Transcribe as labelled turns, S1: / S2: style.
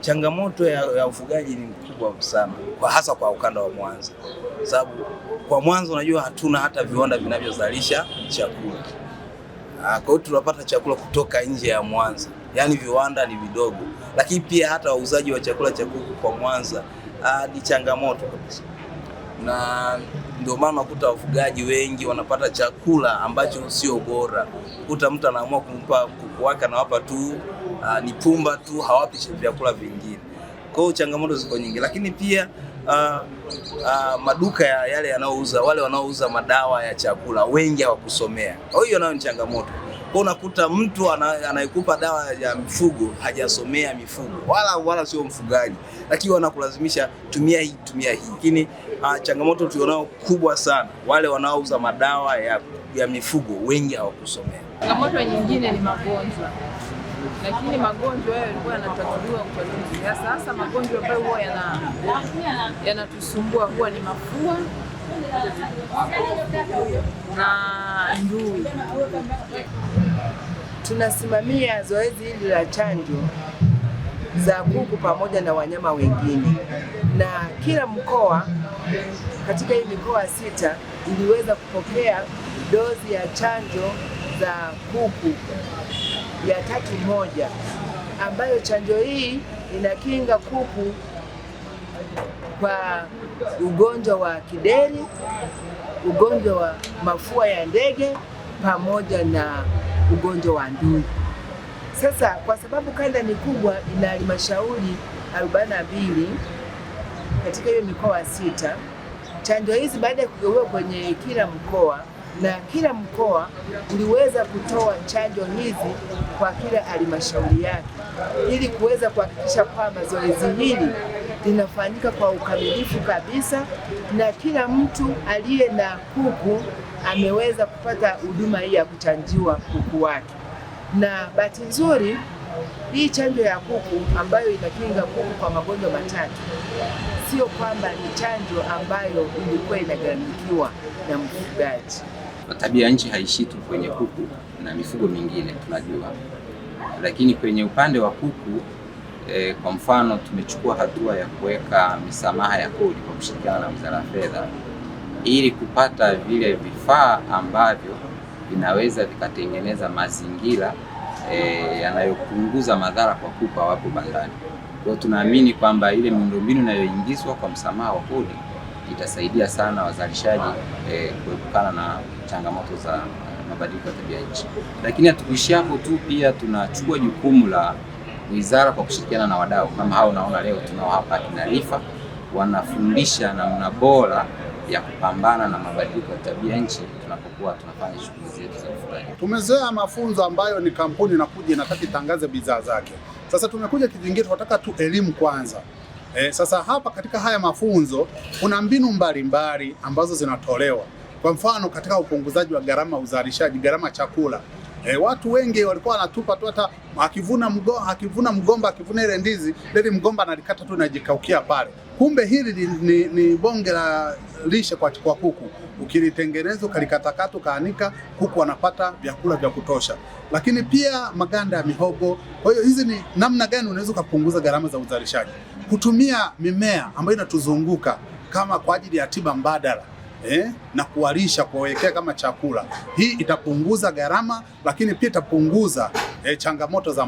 S1: changamoto ya, ya ufugaji ni mkubwa sana kwa hasa kwa ukanda wa Mwanza, sababu kwa Mwanza unajua hatuna hata viwanda vinavyozalisha chakula. Ah, kwa hiyo tunapata chakula kutoka nje ya Mwanza, yaani viwanda ni vidogo, lakini pia hata wauzaji wa chakula cha kuku kwa Mwanza ah, ni changamoto kabisa, na ndio maana unakuta wafugaji wengi wanapata chakula ambacho sio bora. Kuta mtu anaamua kumpa kuku wake anawapa tu uh, ni pumba tu, hawapi vyakula vingine. Kwa hiyo changamoto ziko nyingi, lakini pia uh, uh, maduka ya yale yanaouza wale wanaouza madawa ya chakula wengi hawakusomea, kwa hiyo nayo ni changamoto. Kwa unakuta mtu anayekupa dawa ya mifugo hajasomea mifugo wala wala sio mfugaji, lakini wanakulazimisha tumia hii tumia hii. Lakini uh, changamoto tulionao kubwa sana wale wanaouza madawa ya, ya mifugo wengi hawakusomea.
S2: Changamoto nyingine ni magonjwa lakini magonjwa hayo yalikuwa yanatatuliwa kwa nini? Sasa magonjwa ambayo huwa yanatusumbua huwa ni mafua na
S3: ndui. Tunasimamia zoezi hili la chanjo za kuku pamoja na wanyama wengine, na kila mkoa katika hii mikoa sita iliweza kupokea dozi ya chanjo za kuku ya tatu moja ambayo chanjo hii inakinga kuku kwa ugonjwa wa kideri, ugonjwa wa mafua ya ndege pamoja na ugonjwa wa ndui. Sasa kwa sababu kanda ni kubwa, ina halmashauri 42 katika hiyo mikoa sita. Chanjo hizi baada ya kugeuka kwenye kila mkoa na kila mkoa uliweza kutoa chanjo hizi kwa kila halmashauri yake ili kuweza kuhakikisha kwamba zoezi hili linafanyika kwa ukamilifu kabisa na kila mtu aliye na kuku ameweza kupata huduma hii ya kuchanjiwa kuku wake. Na bahati nzuri hii chanjo ya kuku ambayo inakinga kuku kwa magonjwa matatu, sio kwamba ni chanjo ambayo ilikuwa inagharamikiwa na mfugaji.
S4: Tabia ya nchi haishi tu kwenye kuku na mifugo mingine tunajua, lakini kwenye upande wa kuku e, kwa mfano tumechukua hatua ya kuweka misamaha ya kodi kwa kushirikiana na Wizara ya Fedha ili kupata vile vifaa ambavyo vinaweza vikatengeneza mazingira e, yanayopunguza madhara kwa kupa wapo bandani. Kwa hiyo tunaamini kwamba ile miundombinu inayoingizwa kwa msamaha wa kodi itasaidia sana wazalishaji e, kuepukana na changamoto za mabadiliko ya tabia nchi. Lakini hatukuishia hapo tu, pia tunachukua jukumu la wizara kwa kushirikiana na wadau kama hao, naona leo tunao hapa kinarifa wanafundisha namna bora ya kupambana na mabadiliko ya tabia nchi tunapokuwa tunafanya shughuli zetu za ufugaji.
S5: Tumezoea mafunzo ambayo ni kampuni inakuja inataka itangaze bidhaa zake. Sasa tumekuja kijingine, tunataka tu elimu kwanza. E, sasa hapa katika haya mafunzo kuna mbinu mbalimbali ambazo zinatolewa, kwa mfano katika upunguzaji wa gharama uzalishaji, gharama chakula E, watu wengi walikuwa wanatupa tu, hata akivuna mgomba akivuna mgomba akivuna ile ndizi leli mgomba analikata tu najikaukia pale. Kumbe hili ni, ni, ni bonge la lishe kwa, kwa kuku. Ukilitengeneza ukalikatakata ukaanika, kuku wanapata vyakula vya kutosha, lakini pia maganda ya mihogo. Kwa hiyo hizi ni namna gani unaweza ukapunguza gharama za uzalishaji, kutumia mimea ambayo inatuzunguka kama kwa ajili ya tiba mbadala eh, na kuwalisha kuwawekea kama chakula. Hii itapunguza gharama, lakini pia itapunguza eh, changamoto za